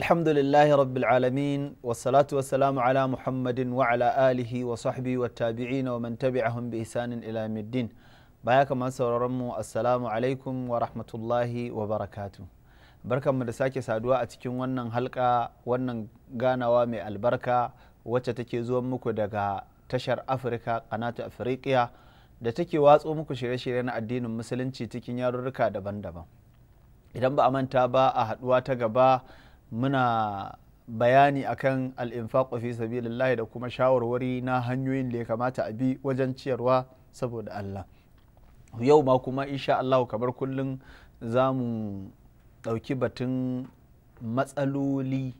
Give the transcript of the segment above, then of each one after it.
الحمد لله رب العالمين والصلاة والسلام على محمد وعلى آله وصحبه والتابعين ومن تبعهم بإحسان إلى يوم الدين بايك من سوررمو السلام عليكم ورحمة الله وبركاته barkan mu da sake saduwa a cikin wannan halka wannan ganawa mai albarka wacce take zuwa muku daga tashar afirka kanatu afirikiya da take watso muku shirye-shirye na addinin musulunci cikin yarurruka daban-daban idan ba a manta ba a haduwa ta gaba muna bayani akan al'infaƙo fi sabilillahi da kuma shawarwari na hanyoyin da ya kamata a bi wajen ciyarwa saboda Allah yau ma kuma insha Allah kamar kullum za mu ɗauki batun matsaloli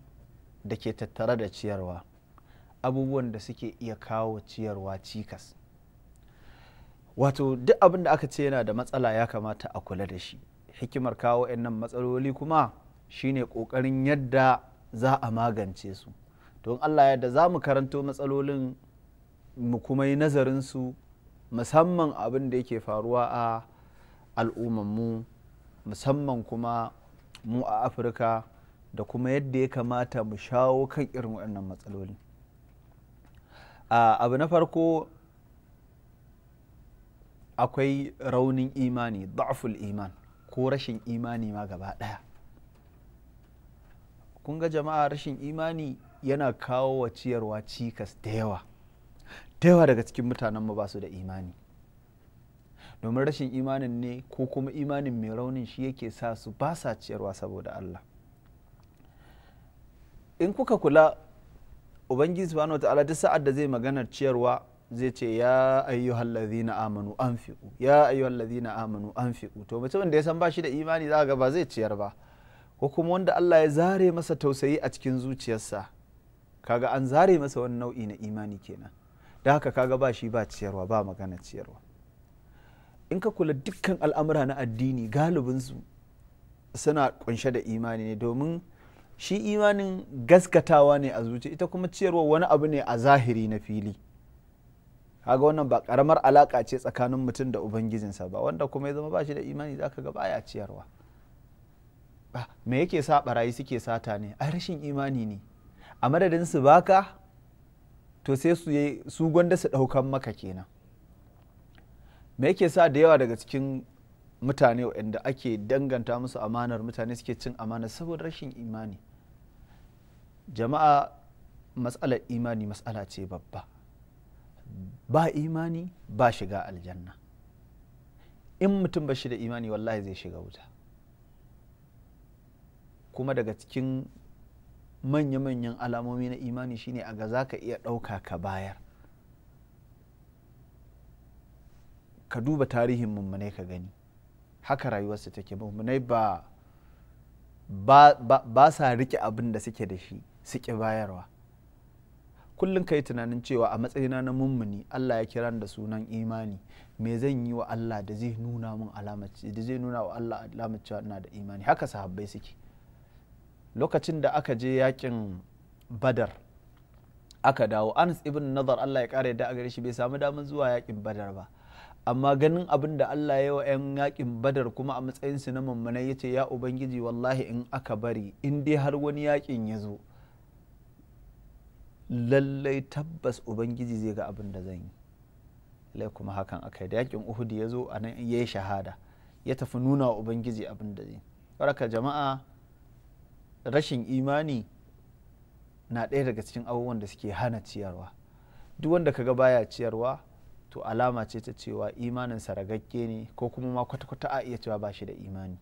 da ke tattare da ciyarwa abubuwan da suke iya kawo ciyarwa cikas wato duk abin da aka ce yana da matsala ya kamata a kula da shi hikimar kawo nan matsaloli kuma shine kokarin yadda za a magance su don allah yadda za mu karanto matsalolin mu kuma yi su musamman abin da yake faruwa a al'ummanmu musamman kuma mu a afirka da kuma yadda ya kamata mu shawo kan irin waɗannan matsaloli abu na farko akwai raunin imani da'ful iman ko rashin imani ma gaba ɗaya kun ga jama'a rashin imani yana kawo wa ciyarwa cikas da yawa da yawa daga cikin mutanen ba su da imani domin rashin imanin ne ko kuma imanin mai raunin shi yake sa su ba sa ciyarwa saboda Allah in kuka kula ubangiji subhanahu wataala duk sa'ad da zai maganar ciyarwa zai ce ya ayyuhal ladhina amanu anfiqu ya ayyuhal ladhina amanu anfiqu to mutumin da ya san ba shi da imani za ga ba zai ciyar ba ko kuma wanda Allah ya zare masa tausayi a cikin zuciyarsa kaga an zare masa wani nau'i na imani kenan da haka kaga ba shi ba ciyarwa ba magana ciyarwa in ka kula dukkan al'amura na addini galibinsu suna kunshe da imani ne domin shi imanin gaskatawa ne a zuci ita kuma ciyarwa wani abu ne a zahiri na fili kaga wannan ba karamar alaka ce tsakanin mutum da ubangijinsa ba wanda kuma ya zama ba shi da imani za ka ga baya ciyarwa Ah, me yake sa barayi suke sata ne a rashin imani ne a madadin su baka to sai su su gwanda su daukan maka kenan me yake sa da yawa daga cikin mutane waɗanda ake danganta musu amanar mutane suke cin amana saboda rashin imani jama'a matsalar imani matsala ce babba ba imani ba shiga aljanna in mutum ba shi da imani wallahi zai shiga wuta kuma daga cikin manya-manyan alamomi na imani shine a ga za ka iya ɗauka ka bayar ka duba tarihin mummunai ka gani haka rayuwarsu take mummunai ba ba sa rike abin da suke da shi suke bayarwa kullum ka yi tunanin cewa a matsayina na mummuni Allah ya kiran da sunan imani me zan yi wa Allah da zai nuna min da zai nuna wa Allah alamar cewa da imani haka sahabbai suke lokacin da aka je yakin badar aka dawo anas ibn nazar allah ya kara da a gare shi bai samu daman zuwa yakin badar ba amma ganin abin da allah ya wa 'yan yakin badar kuma a matsayin matsayinsu na mummunai ya ce ya ubangiji wallahi in aka bari in dai har wani yakin ya zo lallai tabbas ubangiji zai ga abin da zan yi lai kuma hakan aka yi da yakin Uhudu ya zo a nan ya yi shahada ya tafi nuna wa ubangiji abin da zai jama'a rashin imani na ɗaya daga cikin abubuwan da suke hana ciyarwa duk wanda kaga baya ciyarwa to alama ce ta cewa imaninsa ragagge ne ko kuma ma kwata-kwata a iya cewa ba shi da imani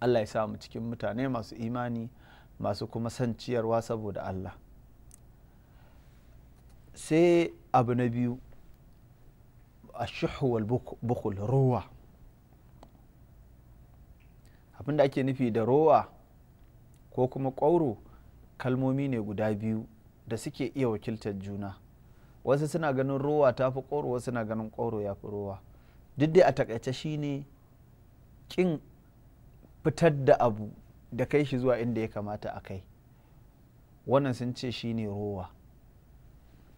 allah ya samu cikin mutane masu imani masu kuma san ciyarwa saboda allah sai abu na biyu a shahuwal bukul ruwa abinda ake nufi da rowa ko kuma ƙwauro kalmomi ne guda biyu da suke iya wakiltar juna wasu suna ganin rowa ta fi ƙwauro wasu na ganin ƙwauro ya fi rowa duk da a takaice ne ƙin fitar da abu da kai shi zuwa inda ya kamata a kai wannan sun ce shi ne rowa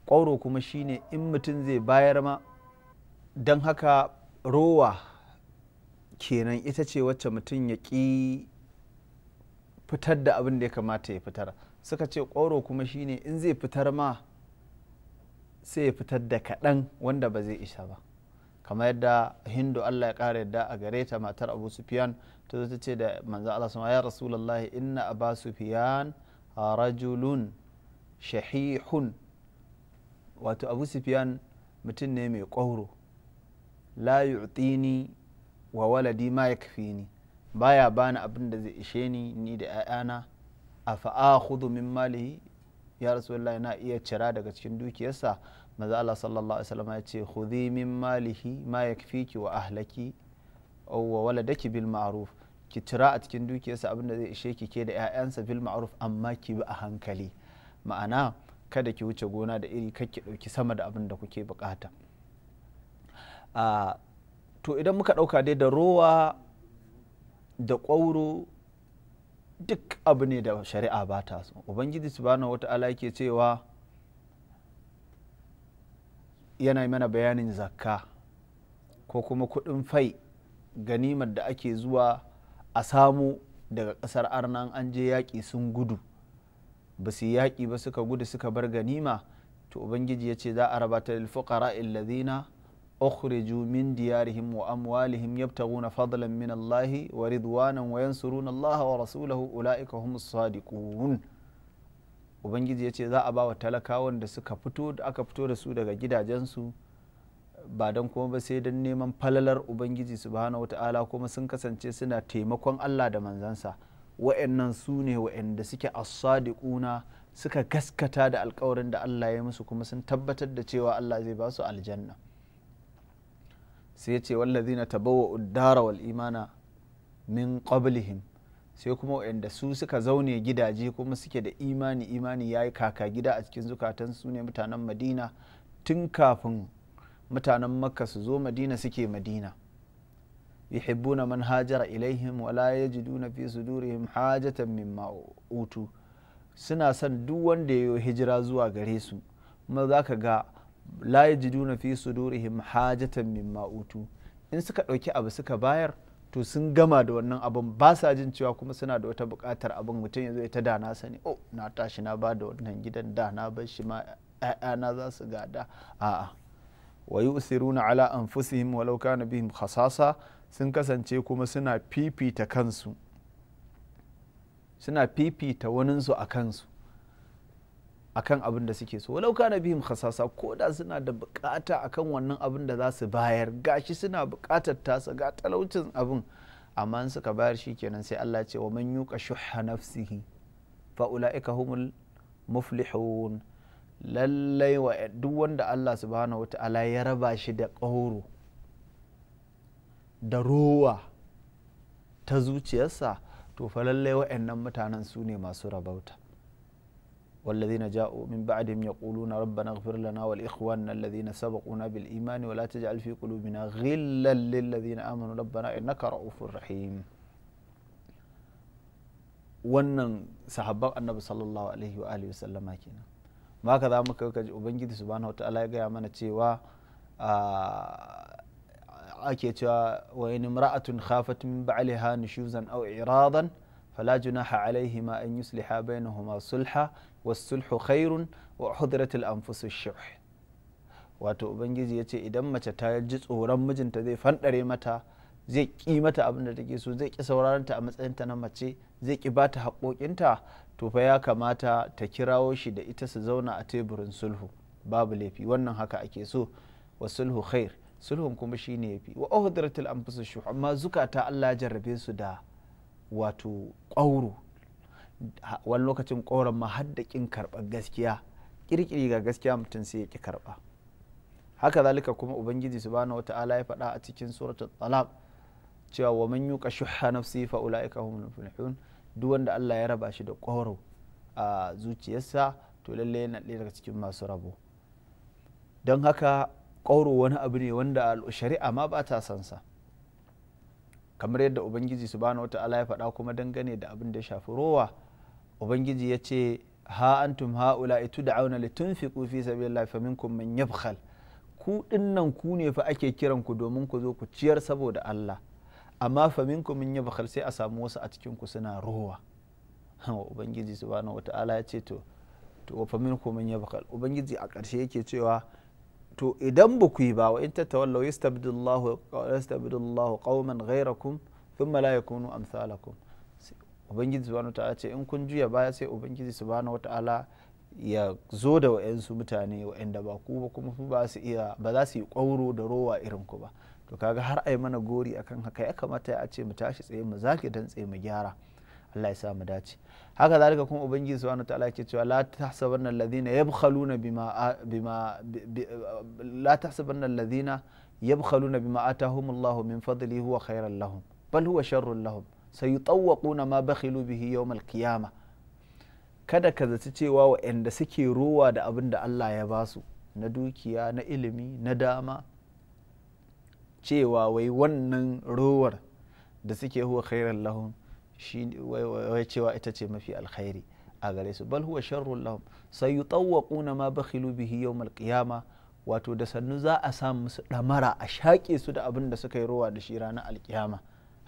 ƙwauro kuma shi ne in mutum zai bayar ma don haka rowa kenan ita ce wacce mutum ya ƙi fitar da abin da ya kamata ya fitar suka ce ƙwauro kuma shine in zai fitar ma sai ya fitar da kaɗan wanda ba zai isa ba kamar yadda hindu allah ya ƙara yadda a gare ta matar abu sufiyan ta zo ta ce da manzo allah sama ya rasulullahi inna abu sufiyan rajulun shahihun wato abu sufiyan mutum ne mai ƙwauro la yu'tini wa waladi ma ni. baya bani abin da zai ishe ni ni da 'ya'yana a fa'a hudu min malihi ya rasu rasulullahi na iya cira daga cikin dukiyarsa maza Allah sallallahu alaihi wasallam ya ce khudhi min malihi ma yakfiki wa ahlaki aw wa waladaki bil ma'ruf ki cira a cikin dukiyarsa abin da zai ishe ki ke da 'ya'yansa bil ma'ruf amma ki bi a hankali ma'ana kada ki wuce gona da iri kar ki dauki sama da abin da kuke bukata ah, to idan muka dauka dai da rowa da ƙwauro duk abu ne da shari'a ba ta so ubangiji subhanahu wata'ala yake cewa yana mana bayanin zakka ko kuma kuɗin fai ganimar da ake zuwa a samu daga ƙasar arnan an je yaƙi sun gudu ba su yaƙi ba suka gudu suka bar ganima to ubangiji ya ce za a raba ta lil fuqara illazina ukhriju min diyarihim wa amwalihim yabtaghuna fadlan min Allah wa ridwanan wa yansuruna Allah wa rasulahu ulaika humus sadiqun ubangiji yace za a bawa talakawan da suka fito da aka fito da su daga gidajensu ba don kuma ba sai don neman falalar ubangiji subhanahu wata'ala kuma sun kasance suna taimakon Allah da manzansa wa'annan su ne wa'anda suke a sadiƙuna suka gaskata da alkawarin da Allah ya musu kuma sun tabbatar da cewa Allah zai ba su aljanna sai ya ce ta tabawa uddara wal imana min qablihim sai kuma waɗanda su suka zaune gidaje kuma suke da imani imani ya yi kaka gida a cikin zukatan su ne mutanen madina tun kafin mutanen makka su zo madina suke madina yuhibbuna man hajara ilaihim wala yajiduna fi sudurihim hajatan mimma utu suna son duk wanda ya hijira zuwa gare su kuma zaka ga la yajiduna fi su him hajatan min utu in suka ɗauki abu suka bayar to sun gama da wannan abun ba sa jin cewa kuma suna da wata bukatar abin mutum ya zo ta da sani oh na tashi na bada da wannan gidan da na bar shi ma ‘ya'yana za su gada a'a usiru na ala anfusihim walau na bihim khasasa sun kasance kuma suna fifita kansu suna fifita waninsu a kansu akan abin da suke so walau kana bihim khasasa ko da suna da bukata akan wannan abin da za su bayar gashi suna bukatar tasa ga talaucin abin amma in suka bayar shikenan sai Allah ce wa man yuqa shuhha nafsihi fa ulaika humul muflihun lallai wa duk wanda Allah subhanahu wataala ya raba shi da ƙauro da rowa ta zuciyarsa to fa lallai wa'annan mutanen su ne masu rabauta والذين جاءوا من بعدهم يقولون ربنا اغفر لنا ولإخواننا الذين سبقونا بالإيمان ولا تجعل في قلوبنا غلا للذين آمنوا ربنا إنك رؤوف رحيم wannan sahabban annabi sallallahu alaihi wa alihi sallama kenan ma ka za mu kai ubangiji subhanahu ta'ala ya gaya mana cewa ake cewa wa in imra'atun khafat min ba'liha nushuzan aw i'radan fala junaha alaihima an yusliha bainahuma sulha wasulhu khairun wa hudratul anfusu shuh wato ubangiji ya ce idan mace ta ji tsoron mijinta zai fandare mata zai ƙi mata abin da take so zai ki sauraron a matsayin ta na mace zai ki ba ta haƙoƙinta to fa ya kamata ta kirawo shi da ita su zauna a teburin sulhu babu laifi wannan haka ake so wa sulhu khair sulhun kuma shine yafi wa anfusu shuh amma zukata Allah ya jarrabe su da wato ƙwauro wani lokacin koran ma haddakin karɓar gaskiya kirkiri ga gaskiya mutum sai ya ki karɓa haka zalika kuma ubangiji subhanahu ta'ala ya faɗa a cikin suratul talaq cewa wa man yuqa shuhha nafsi fa ulaika humul muflihun duk wanda Allah ya raba shi da koro a zuciyarsa to lalle yana ɗaya daga cikin masu rabo don haka ƙauro wani abu ne wanda shari'a ma ba ta san sa kamar yadda ubangiji subhanahu ta'ala ya faɗa kuma dangane da abin da ya shafi rowa ubangiji ya ce ha antum ha'ula itu da auna litunfiqu fi sabilillah fa minkum man yabkhal ku nan ku ne fa ake kiran ku domin ku zo ku ciyar saboda Allah amma fa minkum man yabkhal sai a samu wasu a cikin ku suna rowa wa ubangiji subhanahu wata'ala ya ce to to fa minkum man yabkhal ubangiji a ƙarshe yake cewa to idan ba ku yi ba wa in tatawallaw yastabdillahu yastabdillahu qauman ghayrakum thumma la yakunu amsalakum ubangiji subhanahu ta'ala ce in kun juya baya sai ubangiji subhanahu ta'ala ya zo da wa'yansu mutane wa'yanda ba ku ba kuma ba su iya ba za su yi kwauro da rowa irin ku ba to kaga har ai mana gori akan haka ya kamata ya ce mu tashi tsaye mu zaki dan tsaye mu gyara Allah ya sa mu dace haka zalika kuma ubangiji subhanahu ta'ala yake cewa la tahsabanna alladhina yabkhaluna bima bima la tahsabanna alladhina yabkhaluna bima atahumullahu min fadli huwa khairan lahum bal huwa sharrun lahum sayutawwaquna ma bakhilu bihi yawmal qiyama kada ka zaci cewa waɗanda suke rowa da abin da Allah ya basu na dukiya na ilimi na dama cewa wai wannan rowar da suke huwa khairan lahum shi wai cewa ita ce mafi alkhairi a gare su bal huwa sharrul lahum sayutawwaquna ma bakhilu bihi yawmal qiyama wato da sannu za a sa musu ɗamara a shaƙe su da abin da suka yi rowa da shi ranar alkiyama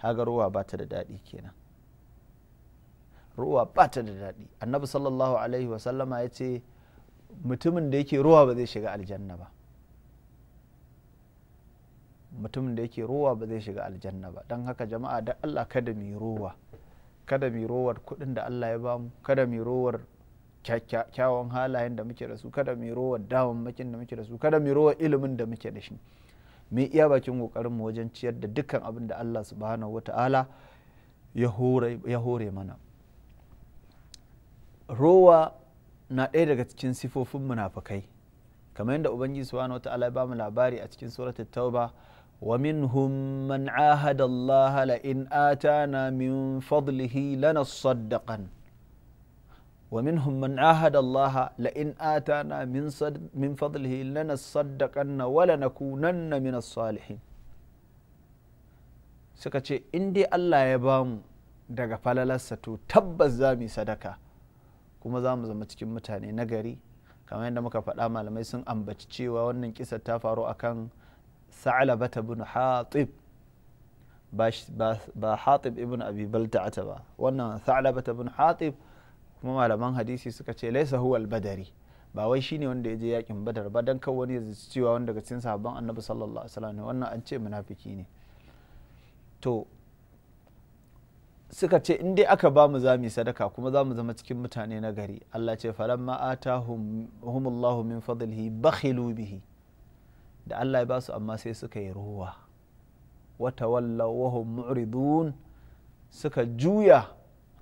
kaga ruwa ba ta da daɗi kenan ruwa ba ta da daɗi annabi sallallahu alaihi wasallama ya ce mutumin da yake ruwa ba zai shiga aljanna ba mutumin da yake ruwa ba zai shiga aljanna ba don haka jama'a da allah kada mu ruwa kada mu ruwar kuɗin da allah ya bamu kada mu ruwar kyakkyawan halayen da muke da su kada mu rowar damammakin da muke da su kada mu ruwar ilimin da muke da shi yi iya bakin kokarin mu wajen ciyar da dukkan abin da Allah subhanahu wata'ala ya hore mana rowa na ɗaya daga cikin sifofin munafukai kamar yadda ubangiji subhanahu wata'ala ya ba mu labari a cikin suratul tauba wa ومنهم من عاهد الله لئن آتانا من فضله لنصدقن wa ومنهم من عاهد الله na آتانا من, صد من فضله لنصدقن ولنكونن من الصالحين suka ce in dai Allah ya bamu daga falalarsa to tabbas za mu sadaka kuma za mu zama cikin mutane na gari kamar yadda muka faɗa malamai sun ambaci cewa wannan kisa ta faru akan sa'alabata bin hatib ba haɗib ibn abi balta'ata ba wannan sa'alabata bin haɗib. kuma malaman hadisi suka ce laisa huwa badari ba wai shine wanda ya je yakin badar ba dan kawai wani ya zaci cewa wanda daga cikin sahabban annabi sallallahu alaihi wasallam wannan an ce munafiki ne to suka ce in dai aka ba mu za sadaka kuma za mu zama cikin mutane na gari Allah ce falamma atahumullahu min fadlihi bakhilu bihi da Allah ya ba su amma sai suka yi ruwa wata wallaw wa hum mu'ridun suka juya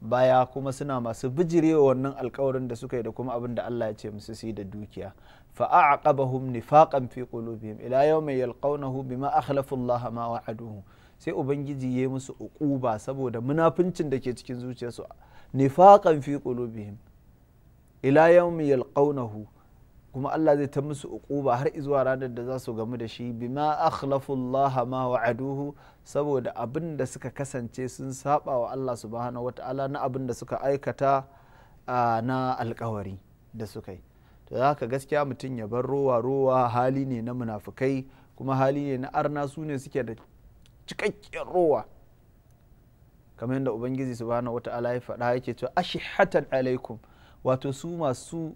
baya kuma suna masu bijirewa wannan alkawarin da suka yi da kuma abin da Allah ya ce musu su da dukiya fa a'aqabahum nifaqan fi qulubihim ila yawmi yalqawnahu bima akhlafu Allah ma wa'aduhu sai ubangiji ya musu uquba saboda munafincin da ke cikin zuciyarsu nifaqan fi qulubihim ila yawmi yalqawnahu kuma Allah zai ta musu uquba har zuwa ranar da za su gamu da shi bima akhlafu ma wa'aduhu saboda abin da suka kasance sun saba wa Allah subhanahu wata'ala na abin da suka aikata na alkawari da suka yi to za gaskiya mutum ya bar rowa rowa hali ne na munafukai kuma hali ne na arna su ne suke da cikakken rowa kamar yadda ubangiji subhanahu wata'ala ya faɗa yake cewa ashihatan alaikum wato su masu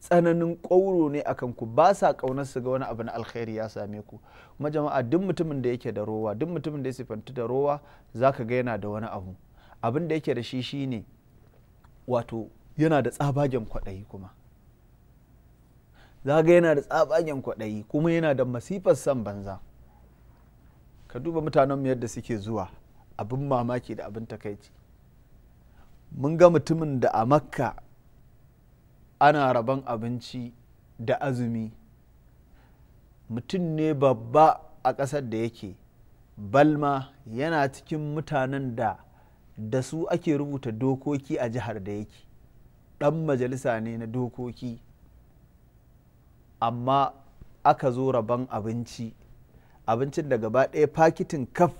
tsananin ƙauro ne a kanku ba sa ƙaunar su ga wani abu na alkhairi ya same ku kuma jama'a duk mutumin da yake da rowa duk mutumin da ya sifantu da rowa za ka ga yana da wani abu abin da yake da shi ne wato yana da tsabagen kwaɗayi kuma za ga yana da tsabagen kwaɗayi kuma yana da masifar san banza ka duba mutanenmu yadda suke zuwa abin mamaki da abin takaici mun ga mutumin da a makka ana rabon abinci da azumi mutum ne babba a ƙasar da yake balma yana cikin mutanen da da su ake rubuta dokoki a jihar da yake ɗan majalisa ne na dokoki amma aka zo rabon abinci abincin da gaba ɗaya fakitin kaf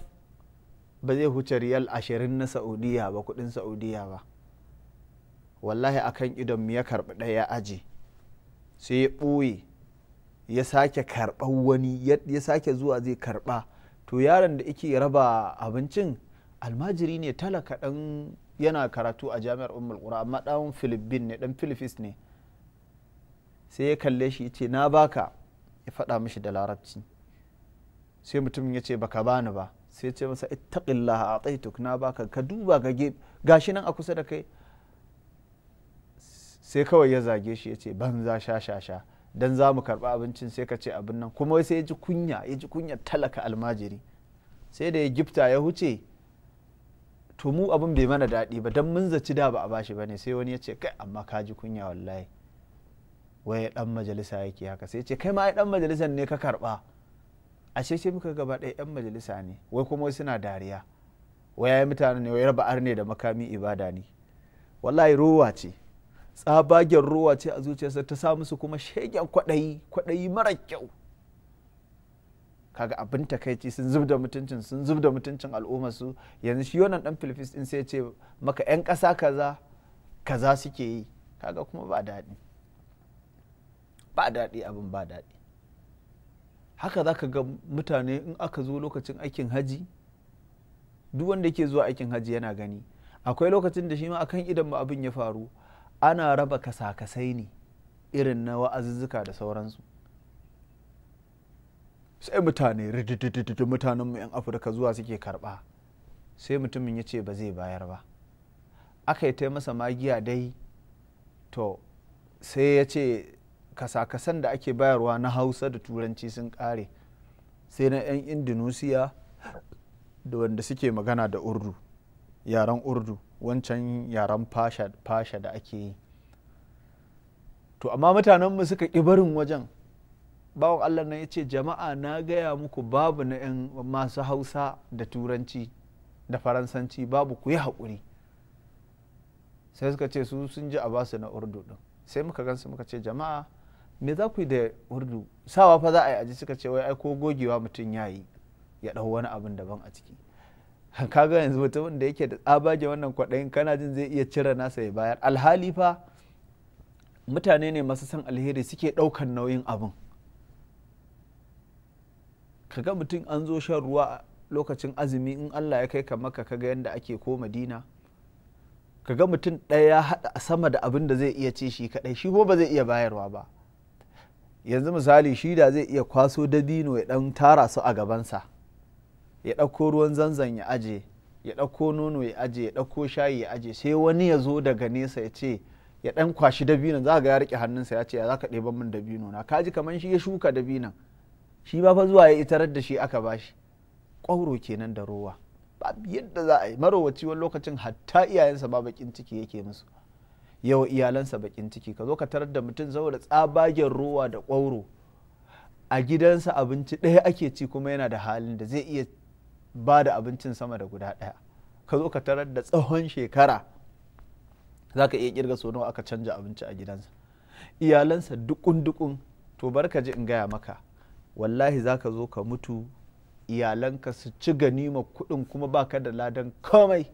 ba zai huce riyal ashirin na saudiya ba kudin saudiya ba wallahi a kan idon mu ya karɓi ɗaya ya sai ya ɓoye ya sake karɓar wani ya sake zuwa zai karɓa to yaron da yake raba abincin almajiri ne talaka ɗan yana karatu a jami'ar ummul ƙura amma ɗan filibin ne ɗan filifis ne sai ya kalle shi ya ce na baka ya faɗa mishi da larabci sai mutumin ya ce baka bani ba sai ya ce masa ittaqillaha a na baka ka duba ga gashi nan a kusa da kai sai kawai ya zage shi ya ce banza sha sha sha dan za mu karɓi abincin sai ka ce abin nan kuma sai ya ji kunya ya ji kunya talaka almajiri sai da ya gifta ya huce to mu abin bai mana daɗi ba dan mun zaci da ba a bashi ne sai wani ya ce kai amma ka ji kunya wallahi wai dan majalisa yake haka sai ce kai ma ai dan majalisan ne ka karɓa ashe sai muka gaba ɗaya yan majalisa ne wai kuma suna dariya wai ya yi mutane ne wai raba arne da makami ibada ne wallahi ruwa ce tsabagen ruwa ce a zuciyarsa ta sa musu kuma shegen kwaɗayi kwaɗayi mara kyau kaga abin takaici sun zub da mutuncin sun zub da mutuncin al'ummar su yanzu shi wannan dan filifis din sai ce maka yan ƙasa kaza kaza suke yi kaga kuma ba daɗi ba daɗi abin ba daɗi haka za ka ga mutane in aka zo lokacin aikin haji duk wanda ke zuwa aikin haji yana gani akwai lokacin da shi ma akan idan ma abin ya faru ana raba kasakasai ne irin na wa'azuzzuka da sauransu sai mutane rididididu mutanenmu 'yan afirka zuwa suke karba sai mutumin ya ce ba zai bayar ba aka yi ta masa magiya dai to sai ya ce kasakasan da ake bayarwa na hausa da turanci sun kare sai na 'yan indonesiya da wanda suke magana da urdu yaren urdu wancan yaren fasha da ake yi to amma mutanenmu suka ƙi barin wajen bawan allah na ya ce jama'a na gaya muku babu na 'yan masu hausa da turanci da faransanci babu ku yi haƙuri sai suka ce su sun ji a basu na urdu ɗin sai muka gansu muka ce jama'a me za ku yi da urdu sawa fa za a yi aji suka ce wai ai ko gogewa mutum ya yi ya ɗau wani abin daban a ciki kaga yanzu mutumin da yake da tsabage wannan kwaɗayin kana jin zai iya cire nasa ya bayar alhali fa mutane ne masu san alheri suke ɗaukan nauyin abin kaga mutum an zo shan ruwa lokacin azumi in allah ya kai ka maka kaga yadda ake ko madina kaga mutum ɗaya ya haɗa sama da abin da zai iya ci shi kaɗai shi ko ba zai iya bayarwa ba yanzu misali shi da zai iya kwaso dabino ya ɗan tara su a gabansa ya ɗauko ruwan zanzan ya aje ya ɗauko nono ya aje ya ɗauko shayi ya aje sai wani ya zo daga nesa ya ce ya ɗan kwashi dabinon za ga ya riƙe hannunsa ya ce ya za ka ɗeban min dabino na kaji kamar shi ya shuka dabinon shi ba fa zuwa ya itarar da shi aka bashi ƙwauro kenan da rowa ba yadda za a yi marowaci wani lokacin hatta iyayensa ba bakin ciki yake musu yau iyalansa bakin ciki ka zo ka tarar da mutum saboda tsabagen rowa da ƙwauro a gidansa abinci ɗaya ake ci kuma yana da halin da zai iya ba da abincin sama da guda ɗaya ka zo ka tarar da tsawon shekara za ka iya kirga sau nawa aka canja abinci a gidansa iyalansa dukun-dukun to bar ka ji in gaya maka wallahi za ka zo ka mutu iyalanka su ci ganima kuɗin kuma ba ka da ladan komai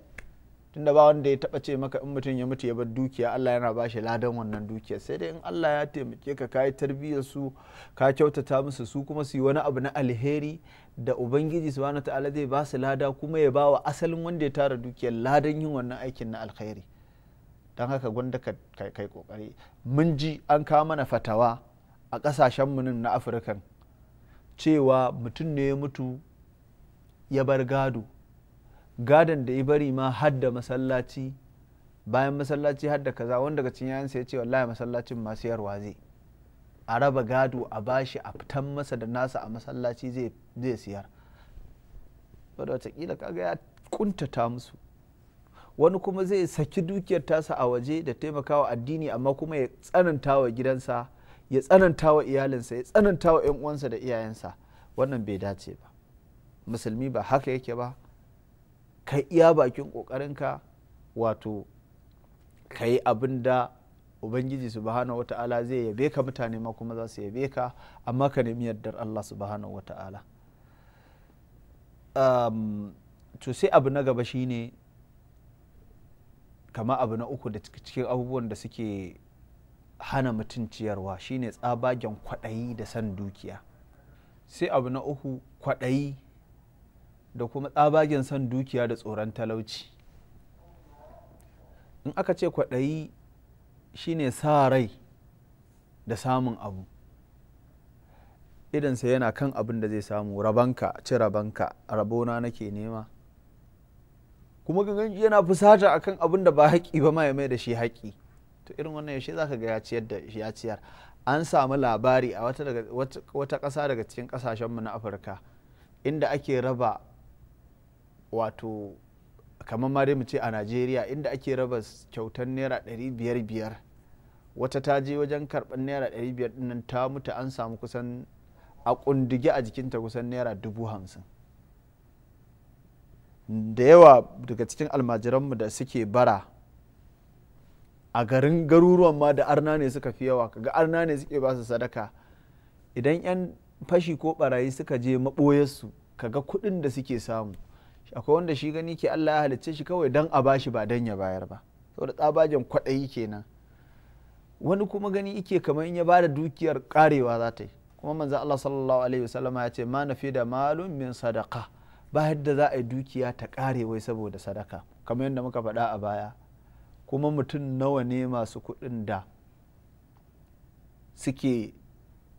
tunda ba wanda ya taba ce maka in mutum ya mutu ya bar dukiya Allah yana ba shi ladan wannan dukiya sai dai in Allah ya taimake ka kayi tarbiyyar su ka kyautata musu su kuma su yi wani abu na alheri da ubangiji subhanahu ta'ala zai ba su lada kuma ya ba wa asalin wanda ya tara dukiyar ladan yin wannan aikin na alheri don haka gwanda ka kai kokari mun ji an kawo mana fatawa a kasashen mu na afirka cewa mutum ne ya mutu ya bar gado gadon da ya bari ma hadda masallaci bayan masallaci hadda kaza wanda daga cikin yayansa ya ce wallahi masallacin ma sayarwa zai a raba gado a bashi a fitan masa da nasa a masallaci zai siyar wadda watakila kaga ya kuntata musu wani kuma zai saki dukiyar tasa a waje da taimakawa addini amma kuma ya tsananta wa gidansa ya tsananta wa iyalinsa ya tsananta wa 'yan uwansa da iyayensa wannan bai dace ba musulmi ba haka yake ba ka iya bakin ka wato ka yi abin da ubangiji subhanahu wata'ala zai yabe ka mutane ma kuma za su yabe ka amma ka nemi yardar allah subhanahu wata'ala um, to sai abu na gaba shine kama abu na uku da cikin abubuwan da suke hana mutum ciyarwa shine tsabagen kwaɗayi da san dukiya sai abu na uku kwaɗayi da kuma tsabagen son dukiya da tsoron talauci in aka ce kwaɗayi shine sa rai da samun abu idansa yana kan abin da zai samu rabanka ci rabanka rabona nake nema kuma gangan yana fusata akan abin da ba haƙi ba mai mai da shi haƙi to irin wannan yaushe zaka ga ya ciyar da ya ciyar an samu labari a wata ƙasa daga cikin ƙasashenmu na afirka inda ake raba wato kamar ma dai mu ce a najeriya inda ake raba kyautar naira ɗari biyar biyar wata ta je wajen karɓar naira ɗari biyar ɗinnan ta mutu an samu kusan a kundige a jikinta kusan naira dubu hamsin da yawa daga cikin almajiranmu da suke bara a garin garuruwan ma da arna ne suka fi yawa kaga arna ne suke ba su sadaka idan 'yan fashi ko barayi suka je maɓoyarsu kaga kuɗin da suke samu akwai wanda shi gani ke Allah ya halicce shi kawai dan a bashi ba dan ya bayar ba saboda tsabajin kwaɗayi kenan wani kuma gani ike kamar in ya bada dukiyar karewa za ta yi kuma manzo Allah sallallahu alaihi wasallama ya ce ma nafi da malum min sadaka ba yadda za a yi dukiya ta kare wai saboda sadaka kamar yadda muka faɗa a baya kuma mutum nawa ne masu kuɗin da suke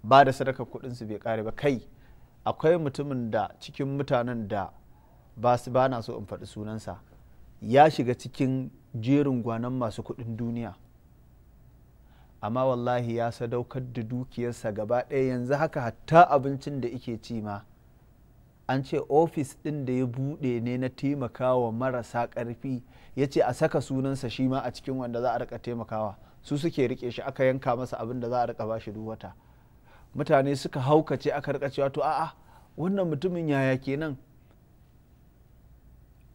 ba da sadaka kuɗin su bai kare ba kai akwai mutumin da cikin mutanen da ba su ba na so in faɗi sunansa ya shiga cikin jerin gwanan masu kuɗin duniya amma wallahi ya sadaukar da dukiyarsa gaba ɗaya yanzu haka hatta abincin da ike ci ma an ce ofis ɗin da ya buɗe ne na taimakawa marasa ƙarfi ya ce a saka sunansa shi ma a cikin wanda za a rika taimakawa su suke rike shi aka yanka masa abin da za a rika bashi duk wata mutane suka haukace aka rika cewa to a'a wannan mutumin yaya kenan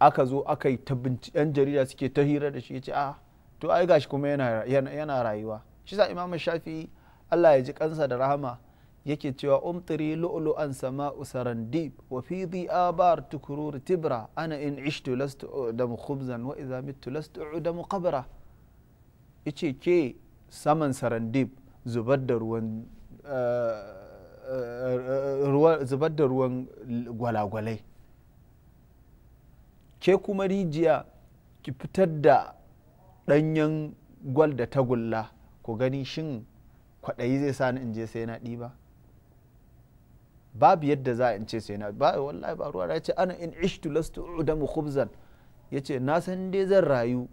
aka zo aka yi ta yan jarida suke ta hira da shi ya ce a ah, to ai gashi kuma yana rayuwa shi sa imam shafi Allah ya ji kansa da rahama yake cewa umtiri lu'lu'an sama'u sarandib wa fi dhi'abar tukurur tibra ana in ishtu lastu u'damu khubzan wa idza mittu lastu qabra yace ke saman sarandib zubar da ruwan eh, eh, eh, zubar da ruwan gwalagwalai ke kuma rijiya ki fitar da ɗanyen gwal da tagulla ku gani shin kwaɗayi zai sa ni in je sai na ɗiba babu yadda za a in ce sai na ba wallahi ba ruwa ce ana in ishtu lastu mu khubzan ya ce na san dai zan rayu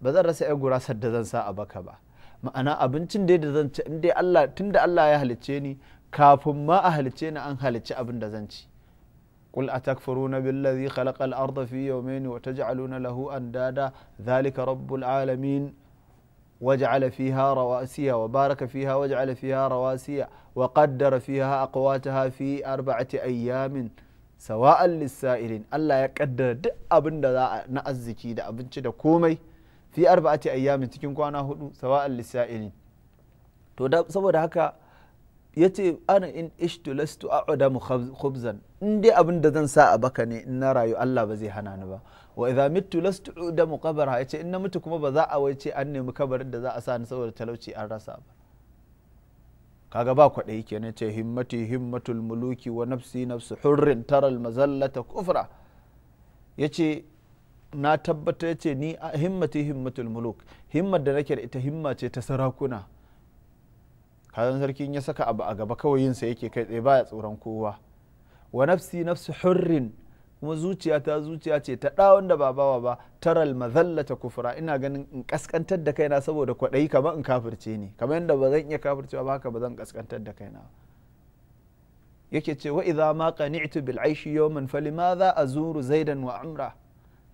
ba zan rasa yan gurasar da zan sa a baka ba ma'ana abincin dai da zan ci in dai Allah Allah ya halicce ni kafin ma a halicce ni an halicci abin da zan ci قل أتكفرون بالذي خلق الأرض في يومين وتجعلون له أندادا ذلك رب العالمين وجعل فيها رواسي وبارك فيها وجعل فيها رواسي وقدر فيها أقواتها في أربعة أيام سواء للسائلين ألا يقدر أبن abin da na arziki da abinci da komai fi arba'ati ayyamin cikin kwana hudu sawa'an lisa'ilin ya ce ana in ishtu lastu mu khubzan in dai abin da zan sa a baka ne in na rayu Allah ba zai hana ni ba wa idza mittu lastu a'udamu qabra ya ce in na mutu kuma ba za a waice an nemi kabarin da za a sa ni saboda talauci an rasa ba kaga ba yake ne ce himmati himmatul muluki wa nafsi nafsu hurrin taral mazallata kufra yace na tabbata ya ce ni himmati himmatul muluk himmar da nake da ita himma ce ta sarakuna kazan sarki ya saka abu a gaba kawai yinsa yake kai tsaye baya tsoron kowa wa nafsi nafsu hurrin kuma zuciya ta zuciya ce ta ɗa da ba bawa ba taral mazallata kufra ina ganin in kaskantar da kaina saboda kwaɗayi kamar in kafirce ni kamar yadda ba zan iya kafircewa ba haka ba zan kaskantar da kaina yake ce wa idza ma qani'tu bil aishi yawman falimadha azuru zaidan wa amra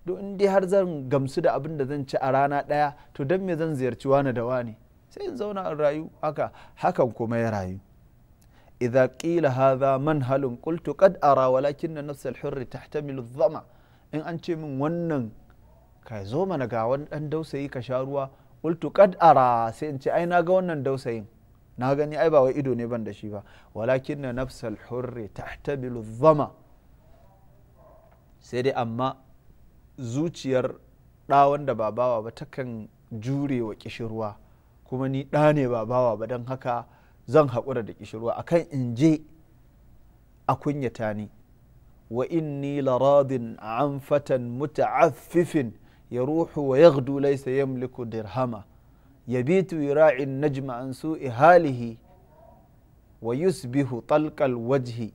duk in dai har zan gamsu da abin da zan ci a rana ɗaya to dan me zan ziyarci wani da wani sai in zauna in rayu haka hakan kuma ya rayu idza qila hadha manhalun qultu qad ara walakinna nafs al-hurr tahtamilu dhama in an ce min wannan kai zo mana ga wani dan dausayi ka sha ruwa qultu qad ara sai in ce ai na ga wannan dausayin na gani ai ba wai ido ne ban da shi ba walakinna nafs al-hurr tahtamilu dhama sai dai amma zuciyar da wanda ba bawa ba takan jure wa kishirwa kuma ni ɗa ne ba bawa ba don haka zan haƙura da kishirwa akan in je a kunyata ni wa inni laradin an fatan muta'affifin ya ruhu wa yaghdu laysa yamliku dirhama yabitu yura'in najma an su'i halihi wa yusbihu talqal wajhi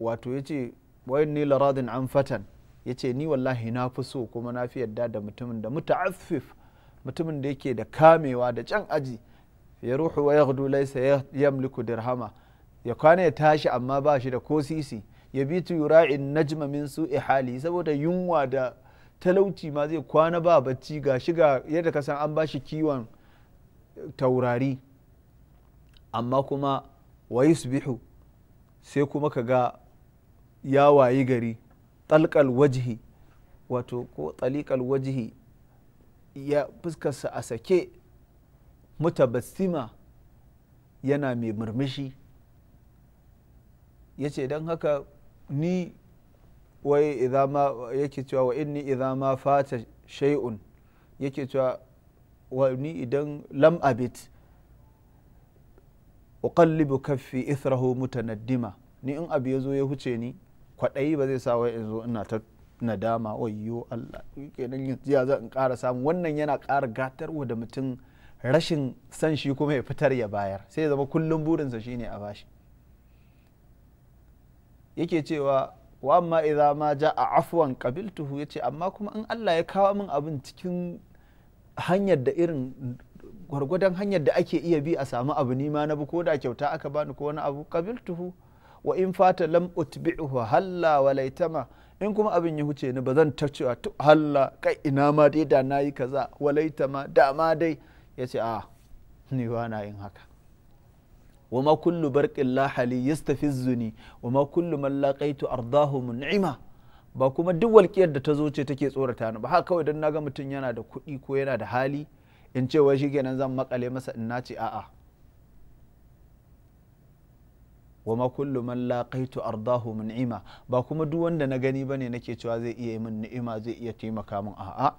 wato ce wa inni laradin an fatan yace ni wallahi na fi so kuma na fi yadda da mutumin da muta'affif mutumin da yake da kamewa da can aji ya ruhu wa yaghdu laysa yamliku dirhama ya kwana ya tashi amma ba shi da ko sisi ya tu yura'in najma min su'i hali saboda yunwa da talauci ma zai kwana ba bacci ga shiga yadda ka san an ba shi kiwon taurari amma kuma wa yusbihu sai kuma ka ga ya wayi gari talqal wajhi wato ko taliqal wajhi ya fuskarsa a sake mutabassima yana mai murmushi ya ce don haka ni wai idama yake cewa wa inni idama fata shay'un yake cewa wa ni idan lam abit uqallibu kaffi ithrahu mutanaddima ni in abu ya zo ya huce ni kwaɗayi ba zai sa wai in zo ina ta nadama wayyo Allah kenan ya zan kara samu wannan yana ƙara gatarwa da mutum rashin san shi kuma ya fitar ya bayar sai ya zama kullum burinsa shine a bashi yake cewa wa amma idza ma a afwan qabiltuhu yace amma kuma in Allah ya kawo min abin cikin hanyar da irin gwargwadon hanyar da ake iya bi a samu abu ni ma na bi ko da kyauta aka bani ko wani abu qabiltuhu wa in fata lam utbi'uhu halla walaitama in kuma abin ya huce ni ba zan ta cewa to halla kai ina ma dai da nayi kaza walaita ma da ma dai yace a ni ba na yin haka wa ma kullu barqin la hali yastafizzuni wa ma kullu man laqaitu ardahu mun'ima ba kuma duk walƙiyar da ta zo ce take tsorata ni ba haka kawai dan naga mutum yana da kuɗi ko yana da hali in ce wai shikenan zan makale masa in nace a'a wa ma kullu man laqaitu ardahu min ni'ima ba kuma duk wanda na gani bane nake cewa zai yi min ni'ima zai iya taimaka min a'a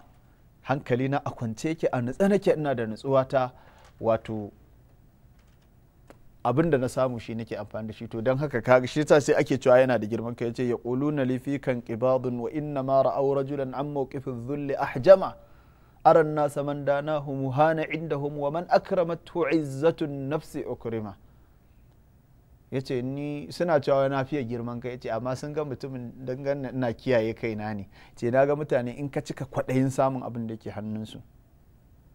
hankali na a kwance yake a nutsa nake ina da nutsuwa ta wato abin da na samu shi nake amfani da shi to dan haka kaga shi ta sai ake cewa yana da girman kai yace yaquluna li fi kan qibadun wa inna ma ra'aw rajulan an mawqifin dhulli ahjama ara an-nasa man danahu muhana indahum wa man akramathu izzatun nafsi ukrima ya ce ni suna cewa na fiye girman kai ce amma sun ga mutumin dangane na kiyaye kai na ne ce na ga mutane in ka cika kwaɗayin samun abin da ke hannunsu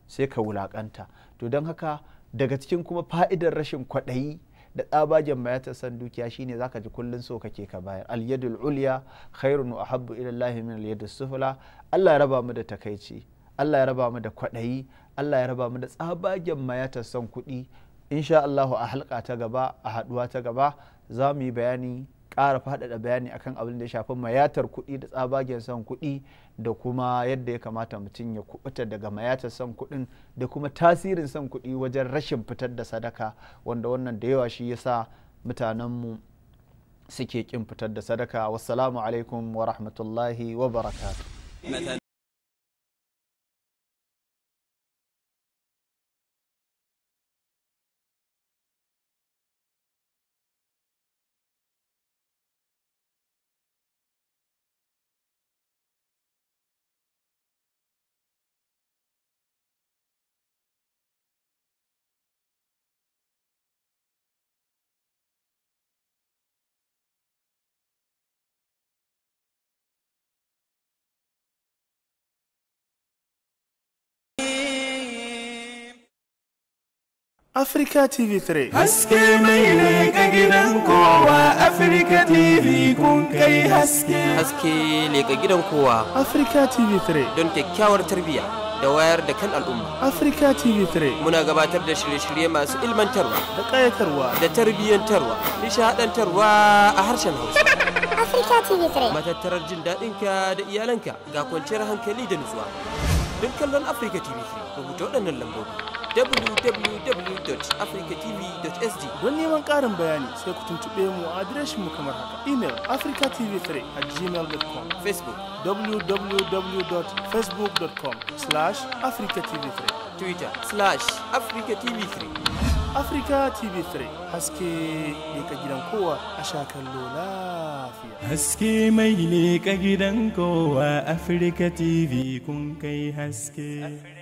sai ka wulaƙanta to don haka daga cikin kuma fa'idar rashin kwaɗayi da tsabagen mayatar san dukiya shine zaka ji kullun so kake ka bayar alyadul ulya khairun wa habbu ila Allah min al sufla Allah ya raba mu da takaici Allah ya raba mu da kwaɗayi Allah ya raba mu da tsabagen mayatar san kuɗi insha Allahu a halka ta gaba a haduwa ta gaba za mu yi bayani ƙara faɗaɗa bayani akan abin da ya shafi mayatar kuɗi da tsabagen son kuɗi da kuma yadda ya kamata mutum ya kubuta daga mayatar son kuɗin da kuma tasirin son kuɗi wajen rashin fitar da sadaka wanda wannan da yawa shi yasa mutanenmu suke kin fitar da sadaka wassalamu alaikum wa rahmatullahi wa barakatuh Africa TV3 Haske mai ne ga gidan kowa Africa TV kun kai haske Haske ne ga gidan kowa Africa TV3 don kyakkyawar tarbiyya da wayar da kan al'umma Africa TV3 muna gabatar da shirye-shirye masu ilmantarwa da kayatarwa da tarbiyyantarwa nishadantarwa a harshen Hausa Africa TV3 matattarar jin daɗinka da iyalanka ga kwanciyar hankali da nutsuwa Dun kallon Africa TV3 rubuta waɗannan lambobi www.africatv.sg don neman ƙarin bayani sai ku tuntuɓe mu a mu kamar haka email africatv3 at gmail.com facebook www.facebook.com slash africatv3 twitter slash africatv3 Africa TV3 haske ne ka gidan kowa a shakar lola Haske mai ne ka gidan kowa Africa TV kun kai haske.